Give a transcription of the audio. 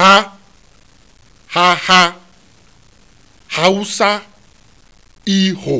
ha, ha, ha, hausa, iho.